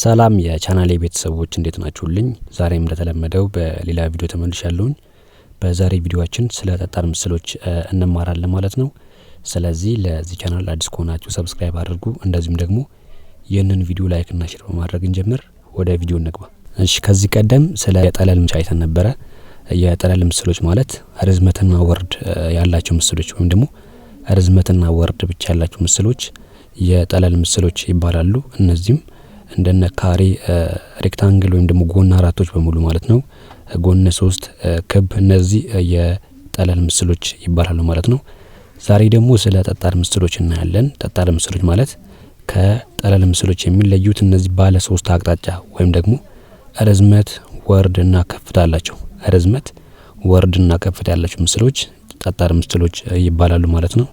ሰላም የቻናሌ ቤተሰቦች እንዴት ናችሁልኝ? ዛሬም እንደተለመደው በሌላ ቪዲዮ ተመልሻለሁኝ። በዛሬ ቪዲዮችን ስለ ጠጣር ምስሎች እንማራለን ማለት ነው። ስለዚህ ለዚህ ቻናል አዲስ ከሆናችሁ ሰብስክራይብ አድርጉ። እንደዚሁም ደግሞ ይህንን ቪዲዮ ላይክ እና ሼር በማድረግ እንጀምር። ወደ ቪዲዮ እንግባ። እሺ፣ ከዚህ ቀደም ስለ የጠለል ምስሎች አይተን ነበረ። የጠለል ምስሎች ማለት ርዝመትና ወርድ ያላቸው ምስሎች ወይም ደግሞ ርዝመትና ወርድ ብቻ ያላቸው ምስሎች የጠለል ምስሎች ይባላሉ። እነዚህም እንደነ ካሬ፣ ሬክታንግል ወይም ደግሞ ጎን አራቶች በሙሉ ማለት ነው፣ ጎን ሶስት፣ ክብ እነዚህ የጠለል ምስሎች ይባላሉ ማለት ነው። ዛሬ ደግሞ ስለ ጠጣር ምስሎች እናያለን። ጠጣር ምስሎች ማለት ከጠለል ምስሎች የሚለዩት እነዚህ ባለ ሶስት አቅጣጫ ወይም ደግሞ ርዝመት፣ ወርድ እና ከፍታ አላቸው። ርዝመት፣ ወርድ እና ከፍታ ያላቸው ምስሎች ጠጣር ምስሎች ይባላሉ ማለት ነው።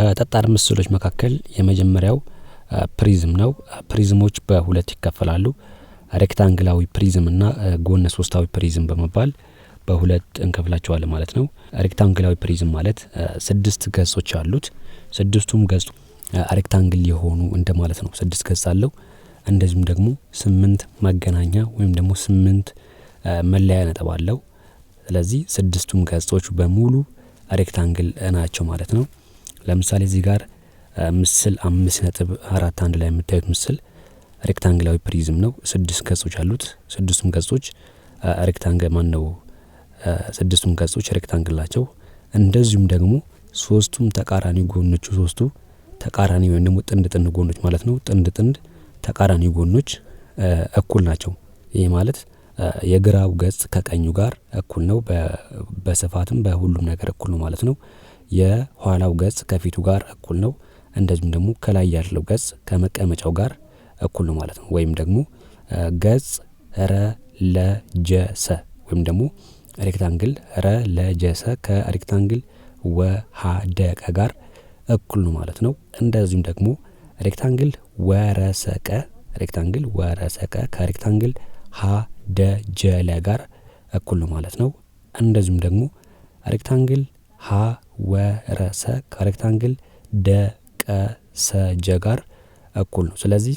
ከጠጣር ምስሎች መካከል የመጀመሪያው ፕሪዝም ነው። ፕሪዝሞች በሁለት ይከፈላሉ። ሬክታንግላዊ ፕሪዝም እና ጎነ ሶስታዊ ፕሪዝም በመባል በሁለት እንከፍላቸዋለን ማለት ነው። ሬክታንግላዊ ፕሪዝም ማለት ስድስት ገጾች አሉት። ስድስቱም ገጽ ሬክታንግል የሆኑ እንደ ማለት ነው። ስድስት ገጽ አለው። እንደዚሁም ደግሞ ስምንት መገናኛ ወይም ደግሞ ስምንት መለያ ነጥብ አለው። ስለዚህ ስድስቱም ገጾች በሙሉ ሬክታንግል ናቸው ማለት ነው። ለምሳሌ እዚህ ጋር ምስል አምስት ነጥብ አራት አንድ ላይ የምታዩት ምስል ሬክታንግላዊ ፕሪዝም ነው። ስድስት ገጾች አሉት። ስድስቱም ገጾች ሬክታንግ ማን ነው? ስድስቱም ገጾች ሬክታንግል ናቸው። እንደዚሁም ደግሞ ሶስቱም ተቃራኒ ጎኖቹ ሶስቱ ተቃራኒ ወይም ደግሞ ጥንድ ጥንድ ጎኖች ማለት ነው። ጥንድ ጥንድ ተቃራኒ ጎኖች እኩል ናቸው። ይህ ማለት የግራው ገጽ ከቀኙ ጋር እኩል ነው። በስፋትም በሁሉም ነገር እኩል ነው ማለት ነው። የኋላው ገጽ ከፊቱ ጋር እኩል ነው። እንደዚሁም ደግሞ ከላይ ያለው ገጽ ከመቀመጫው ጋር እኩል ነው ማለት ነው። ወይም ደግሞ ገጽ ረለጀሰ ወይም ደግሞ ሬክታንግል ረለጀሰ ከሬክታንግል ወሃደቀ ጋር እኩል ነው ማለት ነው። እንደዚሁም ደግሞ ሬክታንግል ወረሰቀ ሬክታንግል ወረሰቀ ከሬክታንግል ሃደጀለ ጋር እኩል ነው ማለት ነው። እንደዚሁም ደግሞ ሬክታንግል ሀወረሰ ከሬክታንግል ደ ከሰጀ ጋር እኩል ነው። ስለዚህ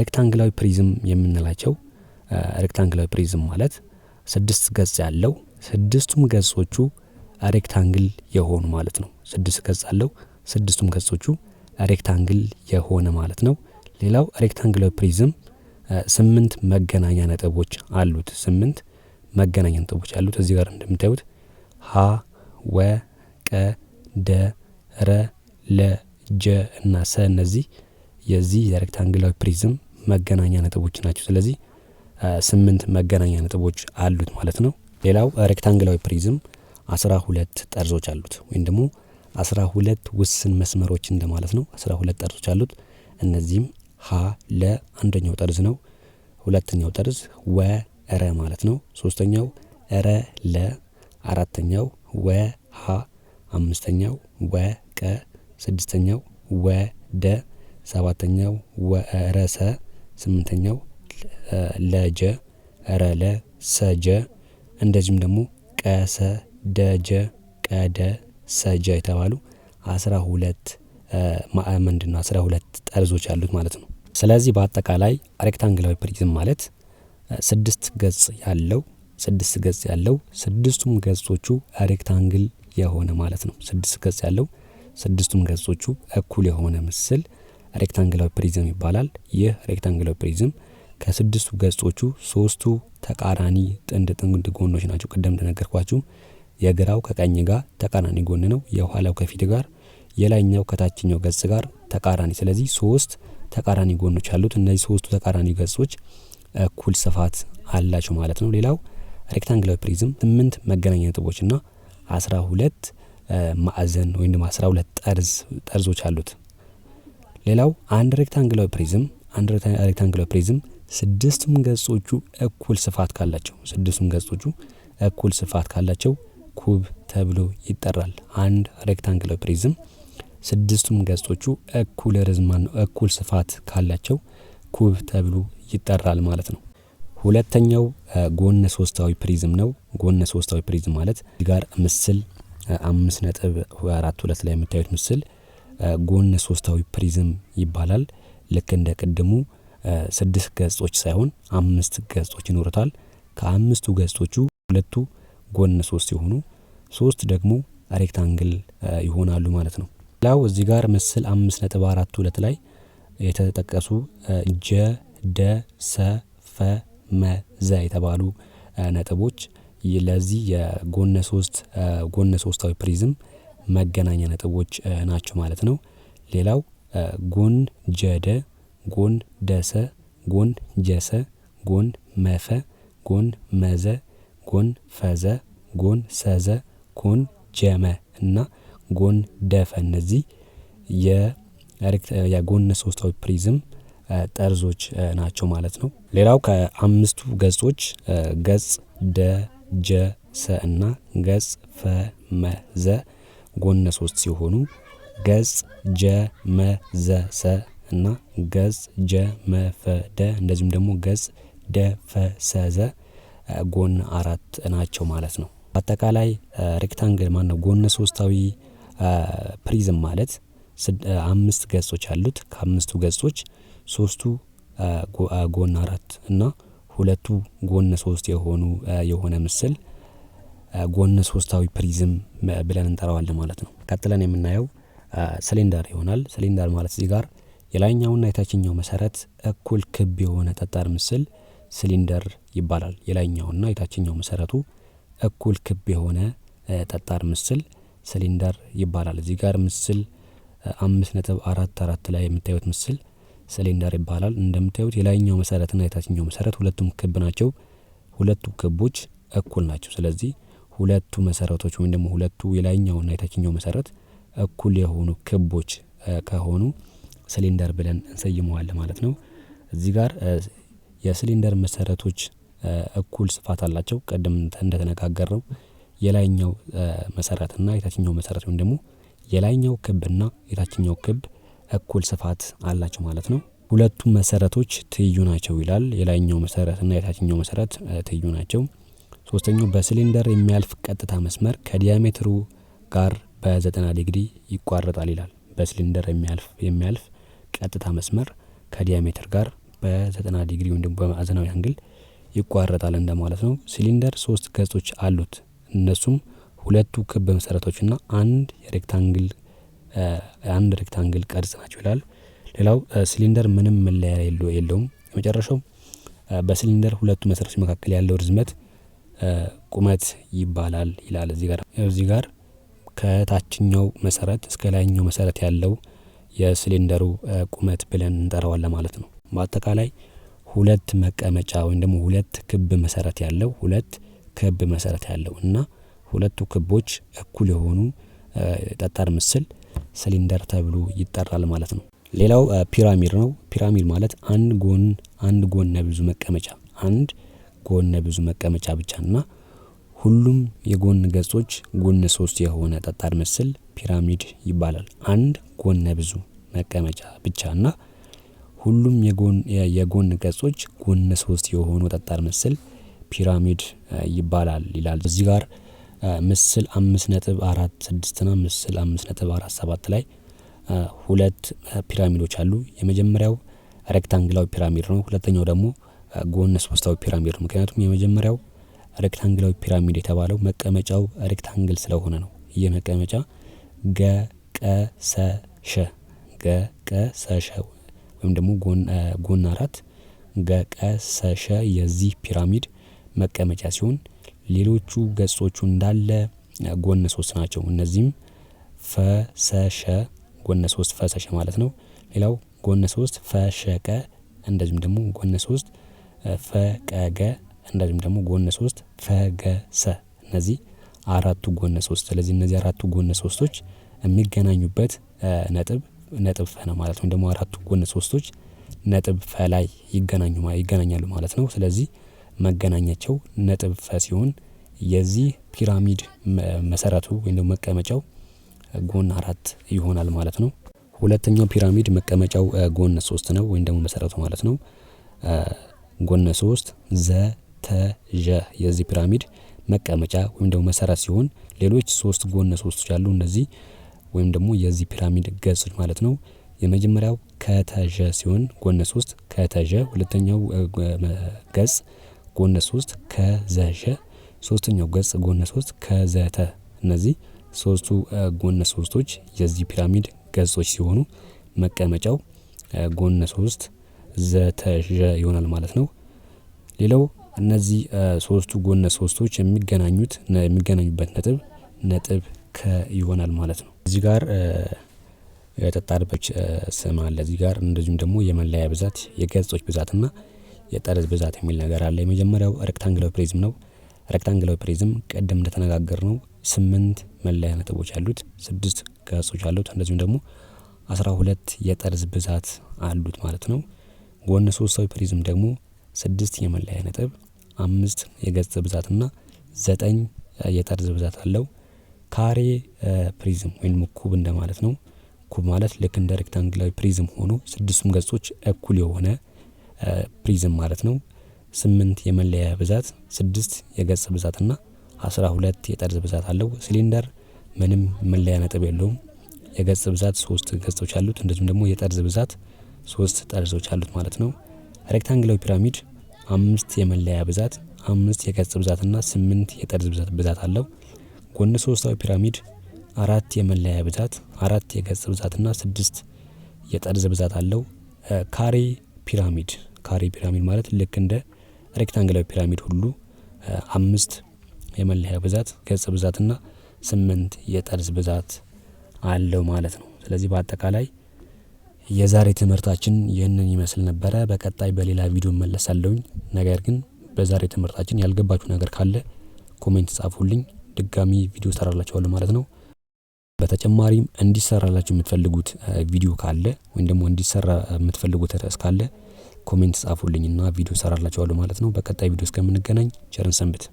ሬክታንግላዊ ፕሪዝም የምንላቸው ሬክታንግላዊ ፕሪዝም ማለት ስድስት ገጽ ያለው ስድስቱም ገጾቹ ሬክታንግል የሆኑ ማለት ነው። ስድስት ገጽ ያለው ስድስቱም ገጾቹ ሬክታንግል የሆነ ማለት ነው። ሌላው ሬክታንግላዊ ፕሪዝም ስምንት መገናኛ ነጥቦች አሉት። ስምንት መገናኛ ነጥቦች አሉት። እዚህ ጋር እንደምታዩት ሀ፣ ወ፣ ቀ፣ ደ፣ ረ፣ ለ ጀ እና ሰ እነዚህ የዚህ የሬክታንግላዊ ፕሪዝም መገናኛ ነጥቦች ናቸው። ስለዚህ ስምንት መገናኛ ነጥቦች አሉት ማለት ነው። ሌላው ሬክታንግላዊ ፕሪዝም አስራ ሁለት ጠርዞች አሉት ወይም ደግሞ አስራ ሁለት ውስን መስመሮች እንደማለት ነው። አስራ ሁለት ጠርዞች አሉት። እነዚህም ሀ ለ አንደኛው ጠርዝ ነው። ሁለተኛው ጠርዝ ወ ረ ማለት ነው። ሶስተኛው ረ ለ አራተኛው ወ ሀ አምስተኛው ወ ቀ ስድስተኛው ወደ፣ ሰባተኛው ወረሰ፣ ስምንተኛው ለጀ፣ ረለ፣ ሰጀ እንደዚሁም ደግሞ ቀሰ፣ ደጀ፣ ቀደ፣ ሰጀ የተባሉ አስራ ሁለት ነው አስራ ሁለት ጠርዞች ያሉት ማለት ነው። ስለዚህ በአጠቃላይ ሬክታንግላዊ ፕሪዝም ማለት ስድስት ገጽ ያለው ስድስት ገጽ ያለው ስድስቱም ገጾቹ ሬክታንግል የሆነ ማለት ነው። ስድስት ገጽ ያለው ስድስቱም ገጾቹ እኩል የሆነ ምስል ሬክታንግላዊ ፕሪዝም ይባላል። ይህ ሬክታንግላዊ ፕሪዝም ከስድስቱ ገጾቹ ሶስቱ ተቃራኒ ጥንድ ጥንድ ጎኖች ናቸው። ቅደም እንደነገርኳችሁ የግራው ከቀኝ ጋር ተቃራኒ ጎን ነው። የኋላው ከፊት ጋር፣ የላይኛው ከታችኛው ገጽ ጋር ተቃራኒ። ስለዚህ ሶስት ተቃራኒ ጎኖች አሉት። እነዚህ ሶስቱ ተቃራኒ ገጾች እኩል ስፋት አላቸው ማለት ነው። ሌላው ሬክታንግላዊ ፕሪዝም ስምንት መገናኛ ነጥቦችና አስራ ሁለት ማዕዘን ወይም ደግሞ አስራ ሁለት ጠርዝ ጠርዞች አሉት። ሌላው አንድ ሬክታንግላዊ ፕሪዝም አንድ ሬክታንግላዊ ፕሪዝም ስድስቱም ገጾቹ እኩል ስፋት ካላቸው ስድስቱም ገጾቹ እኩል ስፋት ካላቸው ኩብ ተብሎ ይጠራል። አንድ ሬክታንግላዊ ፕሪዝም ስድስቱም ገጾቹ እኩል ርዝማ ነው እኩል ስፋት ካላቸው ኩብ ተብሎ ይጠራል ማለት ነው። ሁለተኛው ጎነ ሶስታዊ ፕሪዝም ነው። ጎነ ሶስታዊ ፕሪዝም ማለት ጋር ምስል አምስት ነጥብ አራት ሁለት ላይ የምታዩት ምስል ጎን ሶስታዊ ፕሪዝም ይባላል። ልክ እንደ ቅድሙ ስድስት ገጾች ሳይሆን አምስት ገጾች ይኖሩታል። ከአምስቱ ገጾቹ ሁለቱ ጎን ሶስት ሲሆኑ ሶስት ደግሞ ሬክታንግል ይሆናሉ ማለት ነው። ሌላው እዚህ ጋር ምስል አምስት ነጥብ አራት ሁለት ላይ የተጠቀሱ ጀ፣ ደ፣ ሰ፣ ፈ፣ መ፣ ዘ የተባሉ ነጥቦች ለዚህ የጎነ ሶስት ጎነ ሶስታዊ ፕሪዝም መገናኛ ነጥቦች ናቸው ማለት ነው። ሌላው ጎን ጀደ፣ ጎን ደሰ፣ ጎን ጀሰ፣ ጎን መፈ፣ ጎን መዘ፣ ጎን ፈዘ፣ ጎን ሰዘ፣ ጎን ጀመ እና ጎን ደፈ እነዚህ የጎነ ሶስታዊ ፕሪዝም ጠርዞች ናቸው ማለት ነው። ሌላው ከአምስቱ ገጾች ገጽ ደ ጀ ሰ እና ገጽ ፈ መ ዘ ጎነ ሶስት ሲሆኑ ገጽ ጀ መ ዘ ሰ እና ገጽ ጀ መ ፈ ደ እንደዚሁም ደግሞ ገጽ ደ ፈ ሰ ዘ ጎን አራት ናቸው ማለት ነው። በአጠቃላይ ሬክታንግል ነው? ጎነ ሶስታዊ ፕሪዝም ማለት አምስት ገጾች አሉት። ከአምስቱ ገጾች ሶስቱ ጎን አራት እና ሁለቱ ጎነ ሶስት የሆኑ የሆነ ምስል ጎነ ሶስታዊ ፕሪዝም ብለን እንጠራዋለን ማለት ነው። ቀጥለን የምናየው ሲሊንደር ይሆናል። ሲሊንደር ማለት እዚህ ጋር የላይኛውና የታችኛው መሰረት እኩል ክብ የሆነ ጠጣር ምስል ሲሊንደር ይባላል። የላይኛውና የታችኛው መሰረቱ እኩል ክብ የሆነ ጠጣር ምስል ሲሊንደር ይባላል። እዚህ ጋር ምስል አምስት ነጥብ አራት አራት ላይ የምታዩት ምስል ሲሊንደር ይባላል። እንደምታዩት የላይኛው መሰረትና የታችኛው መሰረት ሁለቱም ክብ ናቸው። ሁለቱ ክቦች እኩል ናቸው። ስለዚህ ሁለቱ መሰረቶች ወይም ደግሞ ሁለቱ የላይኛውና የታችኛው መሰረት እኩል የሆኑ ክቦች ከሆኑ ሲሊንደር ብለን እንሰይመዋለን ማለት ነው። እዚህ ጋር የሲሊንደር መሰረቶች እኩል ስፋት አላቸው። ቀደም እንደተነጋገርነው የላይኛው መሰረትና የታችኛው መሰረት ወይም ደግሞ የላይኛው ክብና የታችኛው ክብ እኩል ስፋት አላቸው ማለት ነው። ሁለቱም መሰረቶች ትይዩ ናቸው ይላል። የላይኛው መሰረት እና የታችኛው መሰረት ትይዩ ናቸው። ሶስተኛው በሲሊንደር የሚያልፍ ቀጥታ መስመር ከዲያሜትሩ ጋር በ90 ዲግሪ ይቋረጣል ይላል። በሲሊንደር የሚያልፍ የሚያልፍ ቀጥታ መስመር ከዲያሜትር ጋር በ90 ዲግሪ ወይም ደግሞ በማዕዘናዊ አንግል ይቋረጣል እንደማለት ነው። ሲሊንደር ሶስት ገጾች አሉት። እነሱም ሁለቱ ክብ መሰረቶችና አንድ የሬክታንግል አንድ ሬክታንግል ቅርጽ ናቸው ይላል። ሌላው ሲሊንደር ምንም መለያ የለውም። የመጨረሻው በሲሊንደር ሁለቱ መሰረቶች መካከል ያለው ርዝመት ቁመት ይባላል ይላል። እዚህ ጋር እዚህ ጋር ከታችኛው መሰረት እስከ ላይኛው መሰረት ያለው የሲሊንደሩ ቁመት ብለን እንጠራዋለን ማለት ነው። በአጠቃላይ ሁለት መቀመጫ ወይም ደግሞ ሁለት ክብ መሰረት ያለው ሁለት ክብ መሰረት ያለው እና ሁለቱ ክቦች እኩል የሆኑ ጠጣር ምስል ሲሊንደር ተብሎ ይጠራል ማለት ነው። ሌላው ፒራሚድ ነው። ፒራሚድ ማለት አንድ ጎን አንድ ጎነ ብዙ መቀመጫ አንድ ጎነ ብዙ መቀመጫ ብቻ እና ሁሉም የጎን ገጾች ጎነ ሶስት የሆነ ጠጣር ምስል ፒራሚድ ይባላል። አንድ ጎነ ብዙ መቀመጫ ብቻ እና ሁሉም የጎን ገጾች ጎነ ሶስት የሆኑ ጠጣር ምስል ፒራሚድ ይባላል ይላል እዚህ ጋር ምስል አምስት ነጥብ አራት ስድስት ና ምስል አምስት ነጥብ አራት ሰባት ላይ ሁለት ፒራሚዶች አሉ። የመጀመሪያው ሬክታንግላዊ ፒራሚድ ነው። ሁለተኛው ደግሞ ጎነ ሶስታዊ ፒራሚድ ነው። ምክንያቱም የመጀመሪያው ሬክታንግላዊ ፒራሚድ የተባለው መቀመጫው ሬክታንግል ስለሆነ ነው። ይህ መቀመጫ ገቀሰሸ ገቀሰሸ ወይም ደግሞ ጎን አራት ገቀሰሸ የዚህ ፒራሚድ መቀመጫ ሲሆን ሌሎቹ ገጾቹ እንዳለ ጎነ ሶስት ናቸው። እነዚህም ፈሰሸ ጎነ ሶስት ፈሰሸ ማለት ነው። ሌላው ጎነ ሶስት ፈሸቀ እንደዚሁም ደግሞ ጎነ ሶስት ፈቀገ እንደዚሁም ደግሞ ጎነ ሶስት ፈገሰ እነዚህ አራቱ ጎነ ሶስት። ስለዚህ እነዚህ አራቱ ጎነ ሶስቶች የሚገናኙበት ነጥብ ነጥብ ፈ ነው ማለት ነው። ደግሞ አራቱ ጎነ ሶስቶች ነጥብ ፈ ላይ ይገናኙ ይገናኛሉ ማለት ነው። ስለዚህ መገናኛቸው ነጥብ ሲሆን የዚህ ፒራሚድ መሰረቱ ወይም ደግሞ መቀመጫው ጎን አራት ይሆናል ማለት ነው። ሁለተኛው ፒራሚድ መቀመጫው ጎን ሶስት ነው ወይም ደግሞ መሰረቱ ማለት ነው። ጎን ሶስት ዘ ተ ዠ የዚህ ፒራሚድ መቀመጫ ወይም ደግሞ መሰረት ሲሆን ሌሎች ሶስት ጎን ሶስት አሉ እነዚህ ወይም ደግሞ የዚህ ፒራሚድ ገጾች ማለት ነው። የመጀመሪያው ከተ ዠ ሲሆን ጎን ሶስት ከተ ዠ ሁለተኛው ገጽ ጎነ ሶስት ከዘሸ ሶስተኛው ገጽ ጎነ ሶስት ከዘተ እነዚህ ሶስቱ ጎነ ሶስቶች የዚህ ፒራሚድ ገጾች ሲሆኑ መቀመጫው ጎነ 3 ዘተዠ ይሆናል ማለት ነው። ሌላው እነዚህ ሶስቱ ጎነ ሶስቶች የሚገናኙት የሚገናኙበት ነጥብ ነጥብ ከ ይሆናል ማለት ነው። እዚህ ጋር የጠጣርበች ስም አለ። እዚህ ጋር እንደዚሁም ደግሞ የመለያ ብዛት የገጾች ብዛትና የጠርዝ ብዛት የሚል ነገር አለ። የመጀመሪያው ረክታንግላዊ ፕሪዝም ነው። ረክታንግላዊ ፕሪዝም ቅድም ነው ስምንት መለያ ነጥቦች ያሉት ስድስት ገጾች አሉት። እንደዚሁም ደግሞ አስራ ሁለት የጠርዝ ብዛት አሉት ማለት ነው። ጎነ ሶስታዊ ፕሪዝም ደግሞ ስድስት የመለያ ነጥብ፣ አምስት የገጽ ብዛትና ዘጠኝ የጠርዝ ብዛት አለው። ካሬ ፕሪዝም ወይም ኩብ እንደማለት ነው። ኩብ ማለት ልክ እንደ ሬክታንግላዊ ፕሪዝም ሆኖ ስድስቱም ገጾች እኩል የሆነ ፕሪዝም ማለት ነው። ስምንት የመለያ ብዛት፣ ስድስት የገጽ ብዛት እና አስራ ሁለት የጠርዝ ብዛት አለው። ሲሊንደር ምንም መለያ ነጥብ የለውም። የገጽ ብዛት ሶስት ገጾች አሉት። እንደዚሁም ደግሞ የጠርዝ ብዛት ሶስት ጠርዞች አሉት ማለት ነው። ሬክታንግላዊ ፒራሚድ አምስት የመለያ ብዛት፣ አምስት የገጽ ብዛት እና ስምንት የጠርዝ ብዛት ብዛት አለው። ጎነ ሶስታዊ ፒራሚድ አራት የመለያ ብዛት፣ አራት የገጽ ብዛት ስድስት የጠርዝ ብዛት አለው። ካሬ ፒራሚድ ካሬ ፒራሚድ ማለት ልክ እንደ ሬክታንግላዊ ፒራሚድ ሁሉ አምስት የመለያ ብዛት ገጽ ብዛትና ስምንት የጠርዝ ብዛት አለው ማለት ነው። ስለዚህ በአጠቃላይ የዛሬ ትምህርታችን ይህንን ይመስል ነበረ። በቀጣይ በሌላ ቪዲዮ መለሳለውኝ። ነገር ግን በዛሬ ትምህርታችን ያልገባችሁ ነገር ካለ ኮሜንት ጻፉልኝ፣ ድጋሚ ቪዲዮ ሰራላችኋለሁ ማለት ነው። በተጨማሪም እንዲሰራላችሁ የምትፈልጉት ቪዲዮ ካለ ወይም ደግሞ እንዲሰራ የምትፈልጉት ርዕስ ካለ ኮሜንት ጻፉልኝና ቪዲዮ እሰራላችኋለሁ ማለት ነው። በቀጣይ ቪዲዮ እስከምንገናኝ ቸርን ሰንብት።